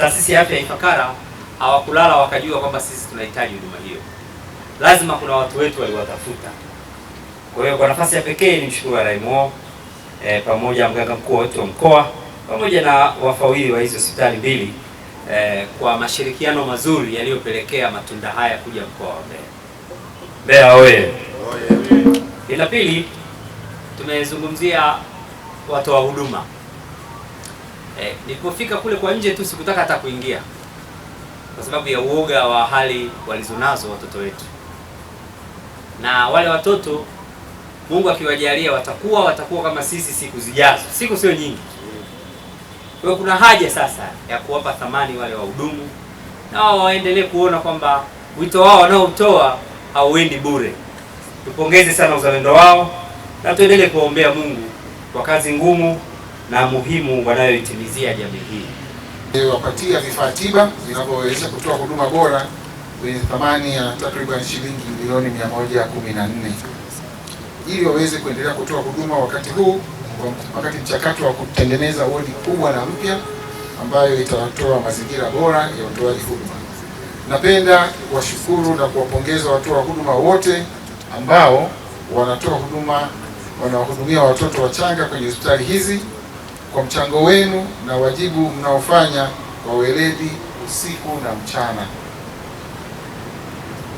Taasisi ya afya ya Ifakara hawakulala wakajua kwamba sisi tunahitaji huduma hiyo, lazima kuna watu wetu waliwatafuta. Kwa hiyo kwa nafasi ya pekee ni mshukuru RMO e, pamoja mganga mkuu wetu wa mkoa pamoja na wafawili wa hizo hospitali mbili e, kwa mashirikiano mazuri yaliyopelekea matunda haya kuja mkoa wa Mbeya. Mbeya oye! La pili tumezungumzia watoa huduma Eh, nilipofika kule kwa nje tu sikutaka hata kuingia kwa sababu ya uoga wa hali walizonazo watoto wetu, na wale watoto Mungu akiwajalia watakuwa watakuwa kama sisi siku zijazo, siku sio nyingi. Kwa hiyo kuna haja sasa ya kuwapa thamani wale wahudumu, na wao waendelee kuona kwamba wito wao wanaotoa hauendi bure. Tupongeze sana uzalendo wao na tuendelee kuwaombea Mungu kwa kazi ngumu na muhimu wanayoitimizia jamii hii. Wapatia vifaa tiba vinavyoweza kutoa huduma bora kwenye thamani ya takriban shilingi milioni 114 ili waweze kuendelea kutoa huduma wakati huu, wakati mchakato wa kutengeneza wodi kubwa na mpya ambayo itatoa mazingira bora ya utoaji huduma. Napenda kuwashukuru na kuwapongeza watoa huduma wote ambao wanatoa huduma, wanawahudumia watoto wachanga kwenye hospitali hizi kwa mchango wenu na wajibu mnaofanya kwa weledi usiku na mchana.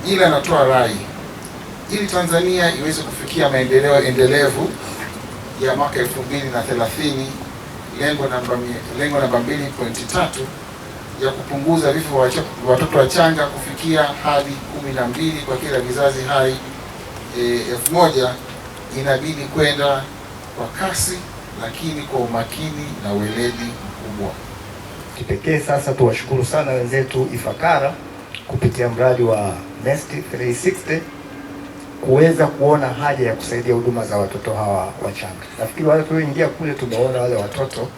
Ila natoa rai ili Tanzania iweze kufikia maendeleo endelevu ya mwaka 2030 lengo namba lengo namba 2.3 ya kupunguza vifo vya watoto wachanga kufikia hadi kumi na mbili kwa kila vizazi hai eh, elfu moja inabidi kwenda kwa kasi lakini kwa umakini na weledi mkubwa. Kipekee sasa tuwashukuru sana wenzetu Ifakara kupitia mradi wa Nest 360 kuweza kuona haja ya kusaidia huduma za watoto hawa wachanga. Nafikiri wale tulioingia kule tumeona wale watoto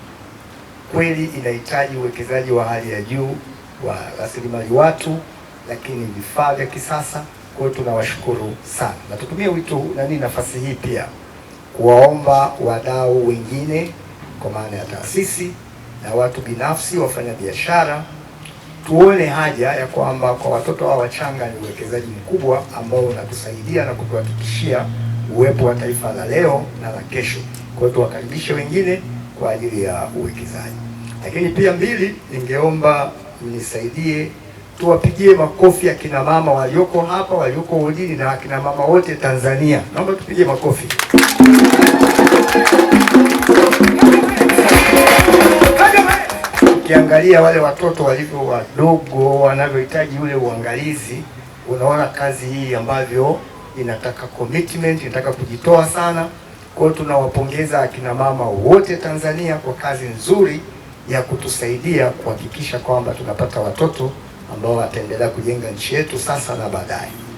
kweli inahitaji uwekezaji wa hali ya juu wa rasilimali watu, lakini vifaa vya kisasa. Kwa hiyo tunawashukuru sana na tutumie wito nini nafasi hii pia kuwaomba wadau wengine kwa maana ya taasisi na watu binafsi, wafanya biashara, tuone haja ya kwamba kwa watoto hawa wachanga ni uwekezaji mkubwa ambao unatusaidia na kutuhakikishia uwepo wa taifa la leo na la kesho. Kwa hiyo tuwakaribishe wengine kwa ajili ya uwekezaji. Lakini pia mbili, ningeomba mnisaidie tuwapigie makofi akina mama walioko hapa, walioko Holili na akina mama wote Tanzania, naomba tupige makofi. Ukiangalia wale watoto walivyo wadogo, wanavyohitaji ule uangalizi, unaona kazi hii ambavyo inataka commitment, inataka kujitoa sana. Kwa hiyo tunawapongeza akina mama wote Tanzania kwa kazi nzuri ya kutusaidia kuhakikisha kwamba tunapata watoto ambao wataendelea kujenga nchi yetu sasa na baadaye.